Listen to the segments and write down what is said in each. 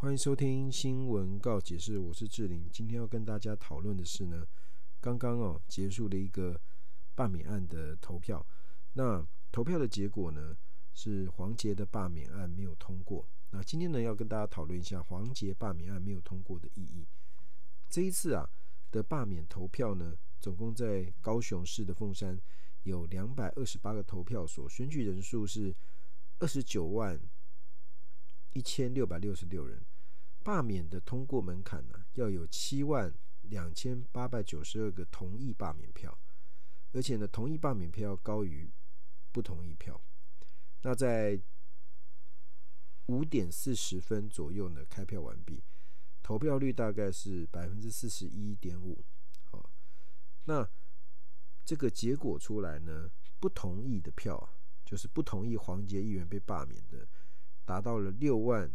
歡迎收聽新聞告解室，我是志玲，今天要跟大家討論的是呢，剛剛哦結束了一個罷免案的投票。那投票的結果呢，是黃捷的罷免案沒有通過。那今天呢，要跟大家討論一下黃捷罷免案沒有通過的意義。這一次啊的罷免投票呢，總共在高雄市的鳳山有兩百二十八個投票所，選舉人數是二十九萬。一千六百六十六人，罷免的通過門檻呢、啊，要有七萬兩千八百九十二個同意罷免票，而且呢，同意罷免票要高於不同意票。那在五點四十分左右呢，開票完畢，投票率大概是百分之四十一點五。好，那這個結果出來呢，不同意的票，就是不同意黃捷議員被罷免的。達到了六萬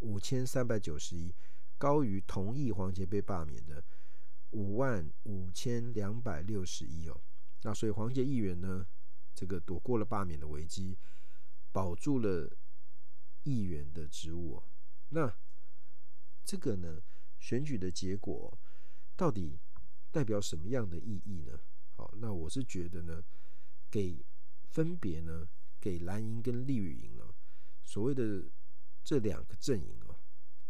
五千三百九十一，高於同意黃捷被罷免的五萬五千兩百六十一哦。那所以黃捷議員呢，這個躲過了罷免的危機，保住了議員的職務哦。那這個呢，選舉的結果到底代表什麼樣的意義呢？好，那我是覺得呢，給分別呢，給藍營跟綠營呢。所謂的這兩個陣營啊，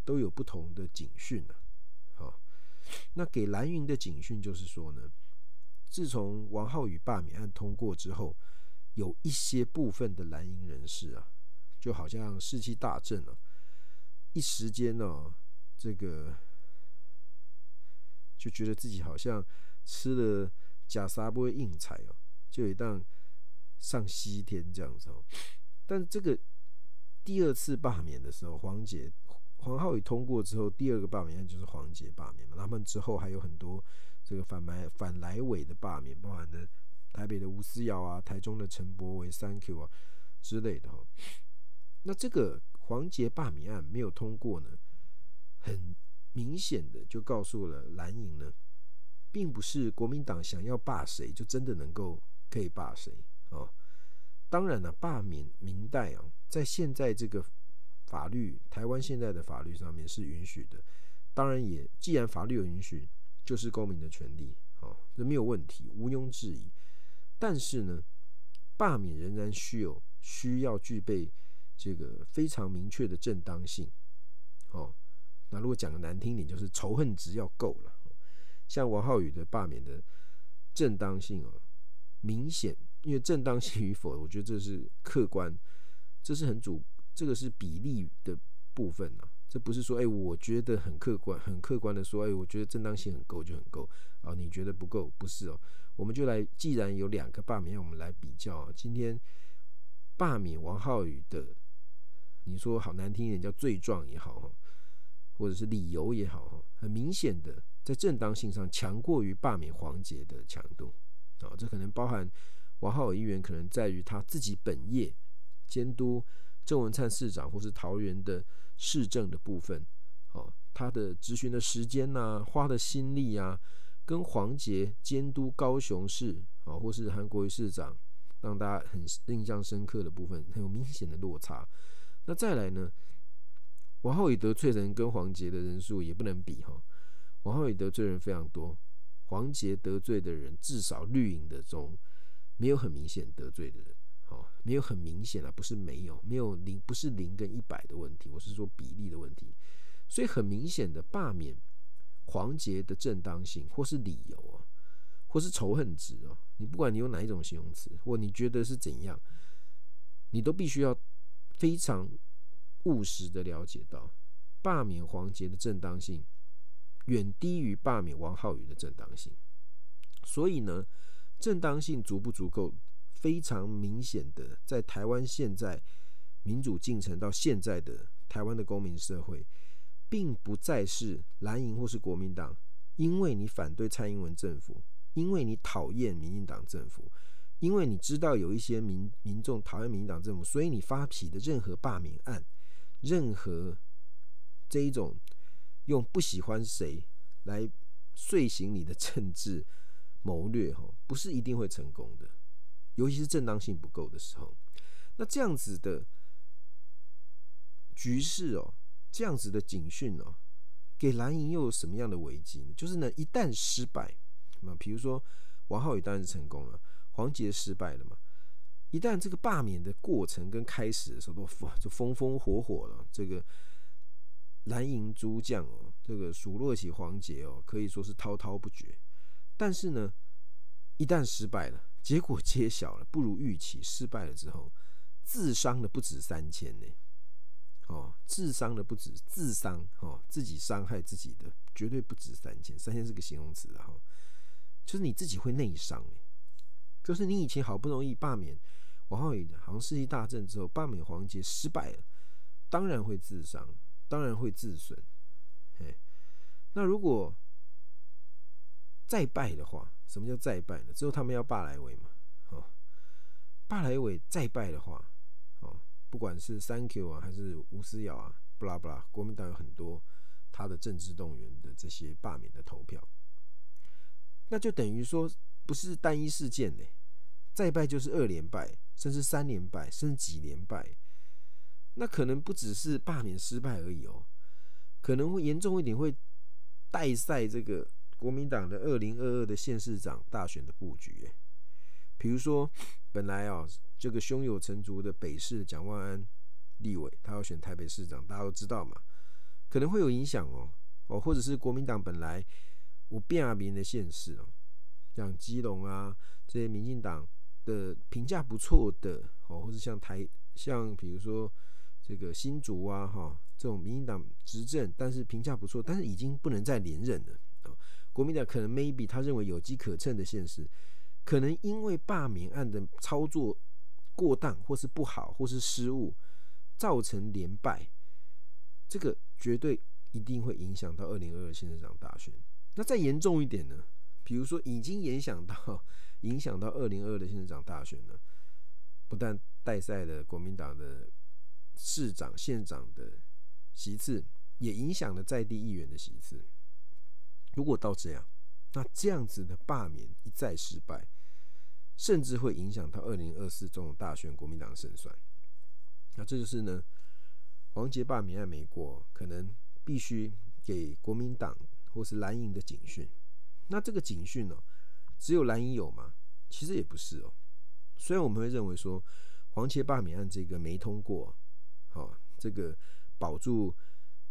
都有不同的警訊啊，那給藍營的警訊就是說呢，自從王浩宇罷免案通過之後，有一些部分的藍營人士啊，就好像士氣大振啊，一時間呢、啊，這個就覺得自己好像吃了假沙波硬踩哦、啊，就一檔上西天這樣子哦。但這個。第二次罷免的時候，黃捷、黃浩宇通過之後，第二個罷免案就是黃捷罷免嘛。他們之後還有很多這個反萊反萊委的罷免，包含的台北的吳思瑤啊、台中的陳柏惟 3Q 啊之類的哈、喔。那這個黃捷罷免案沒有通過呢，很明顯的就告訴了藍營呢，並不是國民黨想要罷誰就真的能夠可以罷誰哦。喔當然了、啊，罷免民代啊，在現在這個法律，台灣現在的法律上面是允許的。當然也，既然法律有允許，就是公民的權利，哦、這沒有問題，毋庸置疑。但是呢，罷免仍然需有需要具備這個非常明確的正當性，哦，那如果講的難聽點，就是仇恨值要夠了。像王浩宇的罷免的正當性啊，明顯。因為正當性與否，我覺得這是客觀，這是很主，這個是比例的部分啊。這不是說，哎、欸，我覺得很客觀，很客觀的說，哎、欸，我覺得正當性很夠就很夠啊。你覺得不夠？不是哦。我們就來，既然有兩個罷免，我們來比較啊。今天罷免王浩宇的，你說好難聽一點叫罪狀也好，或者是理由也好，很明顯的，在正當性上強過於罷免黃捷的強度啊。這可能包含。王浩宇議員可能在於他自己本業監督鄭文燦市長或是桃園的市政的部分，他的質詢的時間吶，花的心力啊，跟黃捷監督高雄市，啊，或是韓國瑜市長，讓大家很印象深刻的部分，很有明顯的落差。那再來呢，王浩宇得罪人跟黃捷的人數也不能比哈，王浩宇得罪人非常多，黃捷得罪的人至少綠營的中沒有很明顯得罪的人，好、哦，沒有很明顯啊，不是沒有，沒有零，不是零跟一百的問題，我是說比例的問題，所以很明顯的罷免黃捷的正當性或是理由啊，或是仇恨值哦，你不管你用哪一種形容詞，或你覺得是怎樣，你都必須要非常務實的了解到，罷免黃捷的正當性遠低於罷免王浩宇的正當性，所以呢。正當性足不足夠？非常明顯的，在台灣現在民主進程到現在的台灣的公民社會，並不再是藍營或是國民黨，因為你反對蔡英文政府，因為你討厭民進黨政府，因為你知道有一些民民眾討厭民進黨政府，所以你發起的任何罷免案，任何這一種用不喜歡誰來遂行你的政治。謀略哈不是一定會成功的，尤其是正當性不夠的時候。那這樣子的局勢哦，這樣子的警訊哦，給藍營又有什麼樣的危機呢？就是呢，一旦失敗，那比如說王浩宇當然是成功了，黃捷失敗了嘛。一旦這個罷免的過程跟開始的時候都風就風風火火了，這個藍營諸將哦，這個數落起黃捷哦，可以說是滔滔不絕。但是呢，一旦失敗了，結果揭曉了，不如預期，失敗了之後，自傷的不止三千呢。哦，自傷的不止自傷，哦，自己傷害自己的絕對不止三千，三千是個形容詞哈、哦，就是你自己會內傷，就是你以前好不容易罷免王浩宇的，好像士氣大振之後罷免黃捷失敗了，當然會自傷，當然會自損。嘿，那如果。再敗的話，什麼叫再敗呢？之後他們要罷立委嘛，哦，罷立委再敗的話，哦，不管是三 Q 啊，還是吳思瑤啊，不拉不拉，國民黨有很多他的政治動員的這些罷免的投票，那就等於說不是單一事件呢，再敗就是二連敗，甚至三連敗，甚至幾連敗，那可能不只是罷免失敗而已哦，可能會嚴重一點，會帶賽這個。國民黨的二零二二的縣市長大選的布局，欸，比如說本來哦，喔，這個胸有成竹的北市蔣萬安立委，他要選台北市長，大家都知道嘛，可能會有影響哦哦，或者是國民黨本來我變阿明的縣市啊，喔，像基隆啊這些民進黨的評價不錯的哦，喔，或者像台像比如說這個新竹啊哈這種民進黨執政但是評價不錯，但是已經不能再連任了。國民黨可能 maybe 他認為有機可乘的現實，可能因為罷免案的操作過當或是不好或是失誤，造成連敗，這個絕對一定會影響到二零二二縣市長大選。那再嚴重一點呢？比如說已經影響到影響到二零二二縣市長大選了，不但代賽的國民黨的市長縣長的席次，也影響了在地議員的席次。如果到這樣，那這樣子的罷免一再失敗，甚至會影響到二零二四總統大選國民黨的勝算。那這就是呢，黃捷罷免案沒過，可能必須給國民黨或是藍營的警訊。那這個警訊呢、喔，只有藍營有嗎？其實也不是哦、喔。雖然我們會認為說，黃捷罷免案這個沒通過，好、喔，這個保住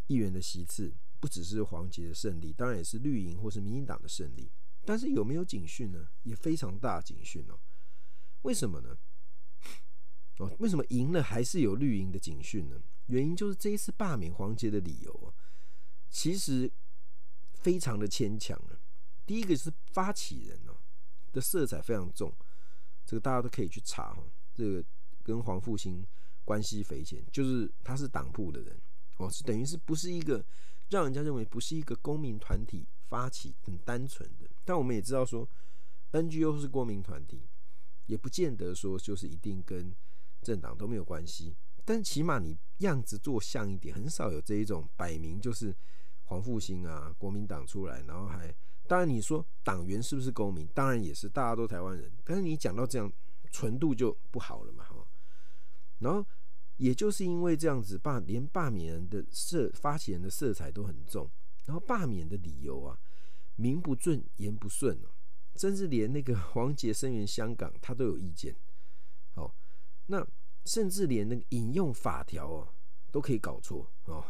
議員的席次。不只是黃捷的勝利，當然也是綠營或是民進黨的勝利。但是有沒有警訊呢？也非常大警訊哦、喔。為什麼呢？哦，為什麼贏了還是有綠營的警訊呢？原因就是這一次罷免黃捷的理由啊、喔，其實非常的牽強啊。第一個是發起人哦、喔、的色彩非常重，這個大家都可以去查、喔、這個跟黃復興關係匪淺，就是他是黨部的人，哦、喔，是等於是不是一個。讓人家認為不是一個公民團體發起，很單純的。但我們也知道說，NGO 是公民團體，也不見得說就是一定跟政黨都沒有關係。但起碼你樣子做像一點，很少有這一種擺明就是黃復興啊、國民黨出來，然後還當然你說黨員是不是公民，當然也是大家都台灣人。但是你講到這樣純度就不好了嘛，哈。然後。也就是因為這樣子，罷連罷免人的色發起人的色彩都很重，然後罷免的理由啊，名不正言不順哦，甚至連那個黃捷聲援香港他都有意見，哦，那甚至連那個引用法條哦、啊、都可以搞錯哦，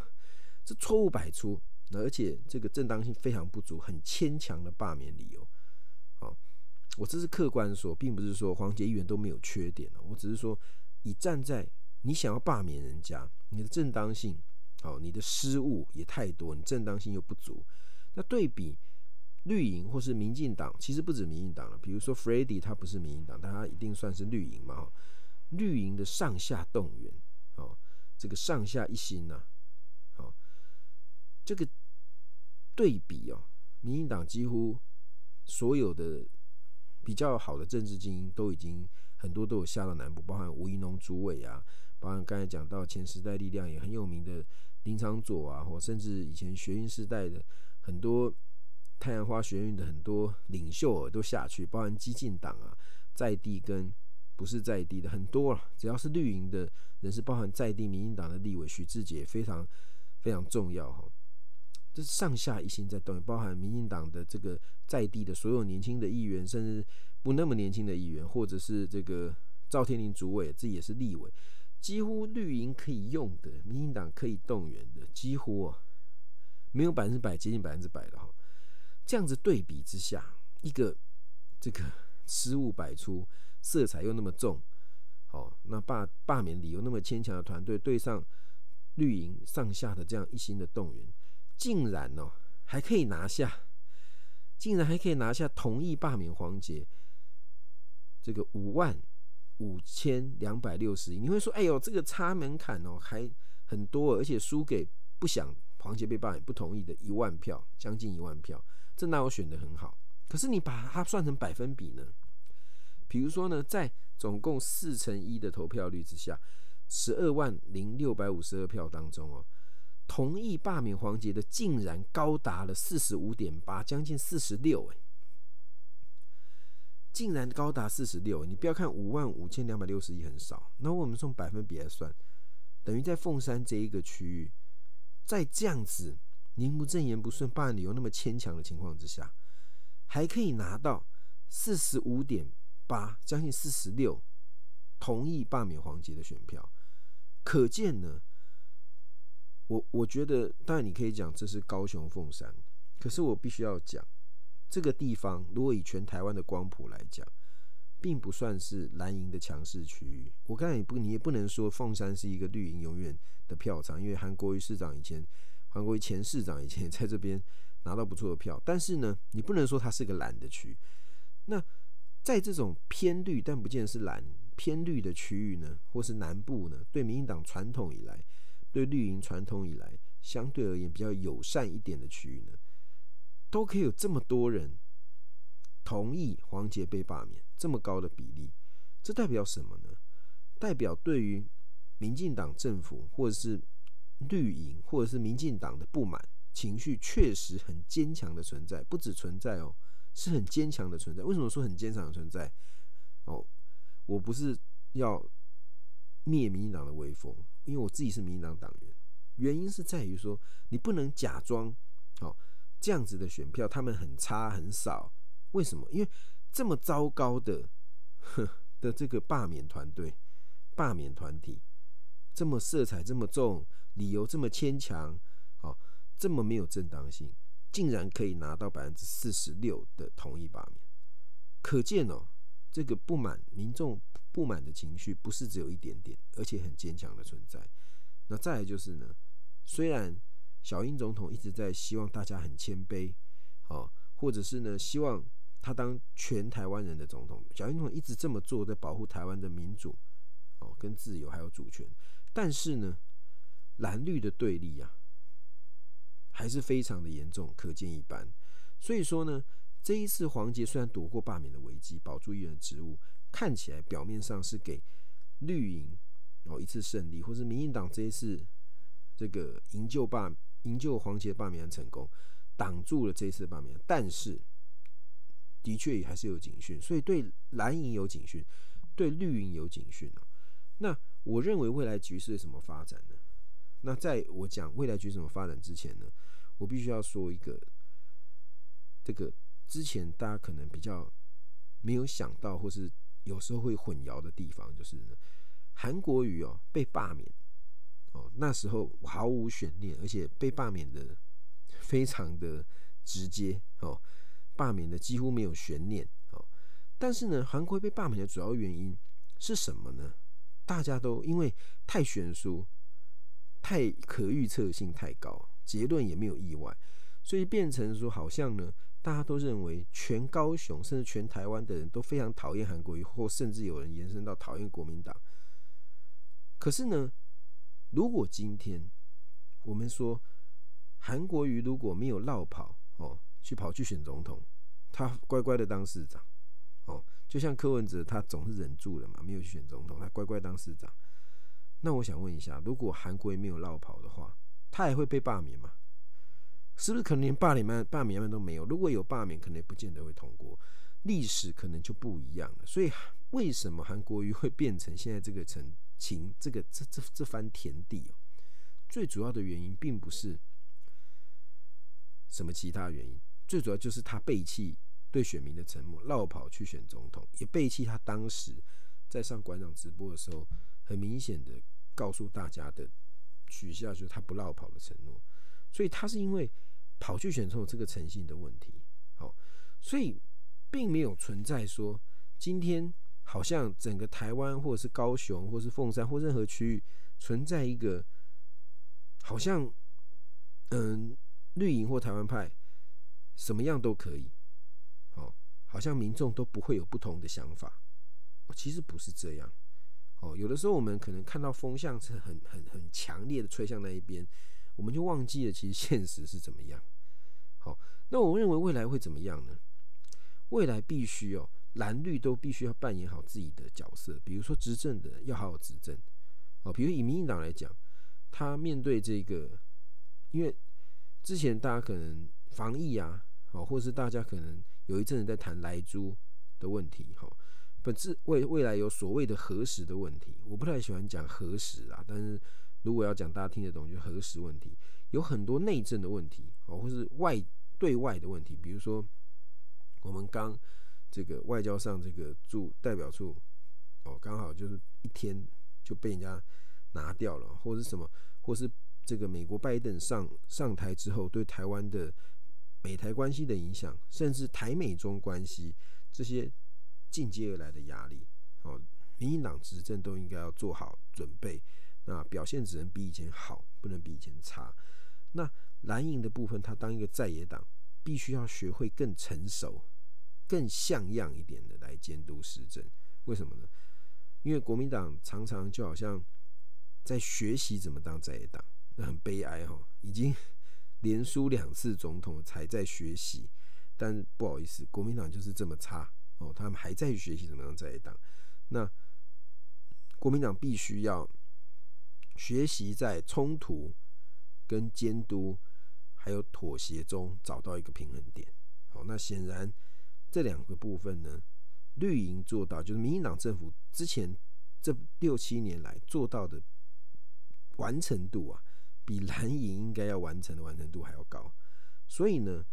這錯誤百出，而且這個正當性非常不足，很牽強的罷免理由，哦。我這是客觀說，並不是說黃捷議員都沒有缺點哦，我只是說以站在。你想要罷免人家，你的正當性，哦，你的失誤也太多，你正當性又不足。那對比綠營或是民進黨，其實不止民進黨了。比如說 Freddy 他不是民進黨，他一定算是綠營嘛。綠營的上下動員，哦，這個上下一心吶、啊，哦，這個對比哦，民進黨幾乎所有的比較好的政治精英都已經很多都有下到南部，包含吳怡農主委啊。包含剛才講到前時代力量也很有名的林昶佐啊，或甚至以前學運時代的很多太陽花學運的很多領袖都下去，包含基進黨啊，在地跟不是在地的很多，啊、只要是綠營的人士，包含在地民進黨的立委許智傑，非常非常重要哈，這是上下一心在動，包含民進黨的這個在地的所有年輕的議員，甚至不那麼年輕的議員，或者是這個趙天麟主委，這也是立委。幾乎綠營可以用的，民進黨可以動員的，幾乎哦沒有百分之百，接近百分之百的哈。這樣子對比之下，一個這個失誤百出、色彩又那麼重，哦，那罷罷免理由那麼牽強的團隊，對上綠營上下的這樣一心的動員，竟然哦還可以拿下，竟然還可以拿下同意罷免黃捷。這個五萬。五千兩百六十一，1, 你會說，哎呦，這個差門檻哦，還很多，而且輸給不想黃捷被罷免不同意的一萬票，將近一萬票，這那我選的很好。可是你把它算成百分比呢？比如說呢，在總共四成一的投票率之下，十二萬零六百五十二票當中哦，同意罷免黃捷的竟然高達了四十五點八，將近四十六誒。竟然高達四十六！你不要看五萬五千兩百六十一很少，那我們從百分比來算，等於在鳳山這一個區域，在這樣子名不正言不順、罷的理由那麼牽強的情況之下，還可以拿到四十五點八，將近四十六，同意罷免黃捷的選票。可見呢，我我覺得當然你可以講這是高雄鳳山，可是我必須要講。這個地方如果以全台灣的光譜來講，並不算是藍營的強勢區域。我剛才也不，你也不能說鳳山是一個綠營永遠的票倉，因為韓國瑜市長以前，韓國瑜前市長以前也在這邊拿到不錯的票。但是呢，你不能說它是個藍的區。那在這種偏綠但不見得是藍偏綠的區域呢，或是南部呢，對民進黨傳統以來，對綠營傳統以來相對而言比較友善一點的區域呢，都可以有這麼多人同意黃捷被罷免，這麼高的比例，這代表什麼呢？代表對於民進黨政府或者是綠營或者是民進黨的不滿情緒確實很堅強的存在，不只存在哦，是很堅強的存在。為什麼說很堅強的存在？哦，我不是要滅民進黨的威風，因為我自己是民進黨黨員。原因是在於說，你不能假裝。這樣子的選票，他們很差很少，為什麼？因為這麼糟糕的，呵的這個罷免團隊、罷免團體，這麼色彩這麼重，理由這麼牽強，哦，這麼沒有正當性，竟然可以拿到百分之四十六的同意罷免，可見哦，這個不滿民眾不滿的情緒不是只有一點點，而且很堅強的存在。那再來就是呢，雖然。小英總統一直在希望大家很謙卑，哦，或者是呢，希望他當全台灣人的總統。小英總統一直這麼做，在保護台灣的民主，哦，跟自由還有主權。但是呢，藍綠的對立啊，還是非常的嚴重，可見一斑。所以說呢，這一次黃捷雖然躲過罷免的危機，保住議員的職務，看起來表面上是給綠營哦一次勝利，或是民進黨這一次這個營救罷。營救黃捷罷免案成功，擋住了這一次罷免，但是的確也還是有警訊，所以對藍營有警訊，對綠營有警訊。那我認為未來局勢什麼發展呢？那在我講未來局怎麼發展之前呢，我必須要說一個，這個之前大家可能比較沒有想到，或是有時候會混淆的地方，就是呢，韓國瑜哦，喔，被罷免。哦，那時候毫無懸念，而且被罷免的非常的直接，哦，罷免的幾乎沒有懸念，哦，但是呢，韓國瑜被罷免的主要原因是什麼呢？大家都因為太懸殊，太可預測性太高，結論也沒有意外，所以變成說好像呢，大家都認為全高雄甚至全台灣的人都非常討厭韓國瑜，或甚至有人延伸到討厭國民黨。可是呢，如果今天我們說韓國瑜如果沒有落跑哦，去跑去選總統，他乖乖的當市長，哦，就像柯文哲他總是忍住了嘛，沒有去選總統，他乖乖當市長。那我想問一下，如果韓國瑜沒有落跑的話，他還會被罷免嗎？是不是可能連罷免、罷免都沒有？如果有罷免，可能也不見得會通過，歷史可能就不一樣了。所以為什麼韓國瑜會變成現在這個程度？情，這個這這這，這番田地哦，最主要的原因並不是什麼其他原因，最主要就是他背棄對選民的承諾，落跑去選總統，也背棄他當時在上館長直播的時候很明顯的告訴大家的許下，就是他不落跑的承諾，所以他是因為跑去選總統這個誠信的問題，好，所以並沒有存在說今天。好像整個台灣，或者是高雄，或是鳳山，或任何區域存在一個，好像，嗯，綠營或台灣派什麼樣都可以，哦，好像民眾都不會有不同的想法。哦，其實不是這樣。哦，有的時候我們可能看到風向是很、很、很強烈的吹向那一邊，我們就忘記了其實現實是怎麼樣。好，那我認為未來會怎麼樣呢？未來必須哦。藍綠都必須要扮演好自己的角色，比如說執政的要好好執政，哦，比如以民進黨來講，他面對這個，因為之前大家可能防疫啊，哦，或者是大家可能有一陣子在談萊豬的問題，哈，本質未未來有所謂的核食的問題，我不太喜歡講核食啊，但是如果要講大家聽得懂，就核食問題，有很多內政的問題，哦，或是外對外的問題，比如說我們剛。這個外交上這個駐代表處哦，剛好就是一天就被人家拿掉了，或者是什麼，或是這個美國拜登上上台之後對台灣的美台關係的影響，甚至台美中關係，這些緊接而來的壓力哦，民進黨執政都應該要做好準備，那表現只能比以前好，不能比以前差。那藍營的部分，他當一個在野黨，必須要學會更成熟。更像樣一點的來監督施政，為什麼呢？因為國民黨常常就好像在學習怎麼當在野黨，那很悲哀哦，已經連輸兩次總統才在學習，但不好意思，國民黨就是這麼差哦，他們還在學習怎麼樣在野黨。那國民黨必須要學習在衝突、跟監督還有妥協中找到一個平衡點。好，那顯然。這兩個部分呢，綠營做到就是民進黨政府之前這六七年來做到的完成度啊，比藍營應該要完成的完成度還要高。所以呢，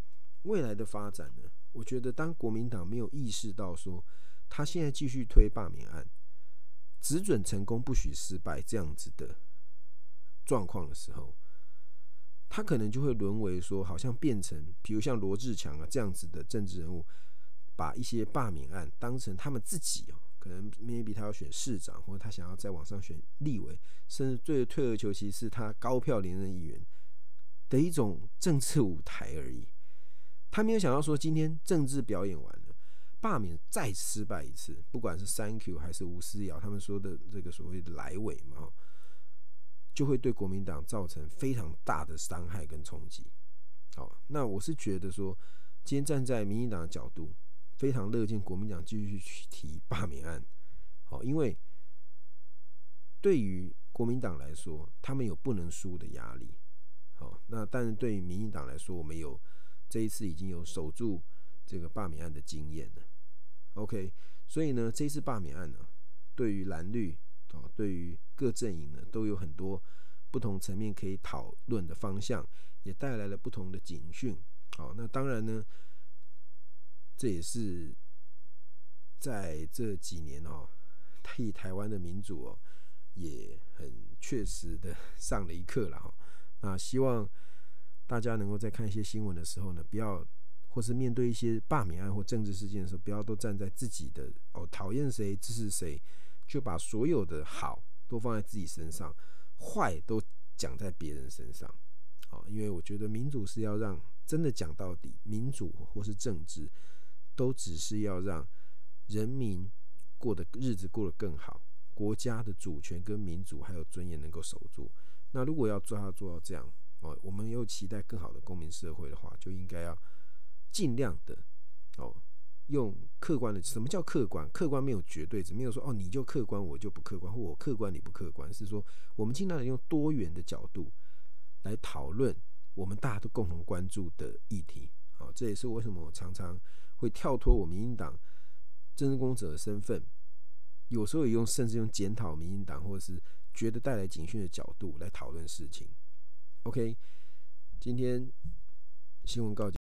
未來的發展呢，我覺得當國民黨沒有意識到說他現在繼續推罷免案，只准成功不許失敗這樣子的狀況的時候，他可能就會淪為說好像變成，比如像羅志強啊這樣子的政治人物。把一些罷免案當成他們自己哦，可能 maybe 他要選市長，或者他想要再往上選立委，甚至最退而求其次，他高票連任議員的一種政治舞台而已。他沒有想到說，今天政治表演完了，罷免再失敗一次，不管是三 Q 還是吳思瑤他們說的這個所謂的來尾嘛，就會對國民黨造成非常大的傷害跟衝擊。好，那我是覺得說，今天站在民進黨的角度。非常樂見國民黨繼續去提罷免案，好，因為對於國民黨來說，他們有不能輸的壓力。好，那但是對於民進黨來說，我們有這一次已經有守住這個罷免案的經驗了。OK，所以呢，這一次罷免案呢，對於藍綠哦，對於各陣營呢，都有很多不同層面可以討論的方向，也帶來了不同的警訊。哦。那當然呢。這也是在這幾年哦，替台灣的民主哦，也很確實的上了一課了哈。那希望大家能夠在看一些新聞的時候呢，不要或是面對一些罷免案或政治事件的時候，不要都站在自己的哦，討厭誰，支持誰，就把所有的好都放在自己身上，壞都講在別人身上。哦，因為我覺得民主是要讓真的講到底，民主或是政治。都只是要讓人民過的日子過得更好，國家的主權跟民主還有尊嚴能夠守住。那如果要抓要做到這樣哦，我們又期待更好的公民社會的話，就應該要儘量的哦，用客觀的，什麼叫客觀？客觀沒有絕對，只沒有說哦，你就客觀，我就不客觀，或我客觀你不客觀，是說我們儘量的用多元的角度來討論我們大家都共同關注的議題。哦，這也是為什麼我常常。會跳脫我民進黨政治工作者的身份，有時候也用甚至用檢討民進黨，或者是覺得帶來警訊的角度來討論事情。OK，今天新聞告解。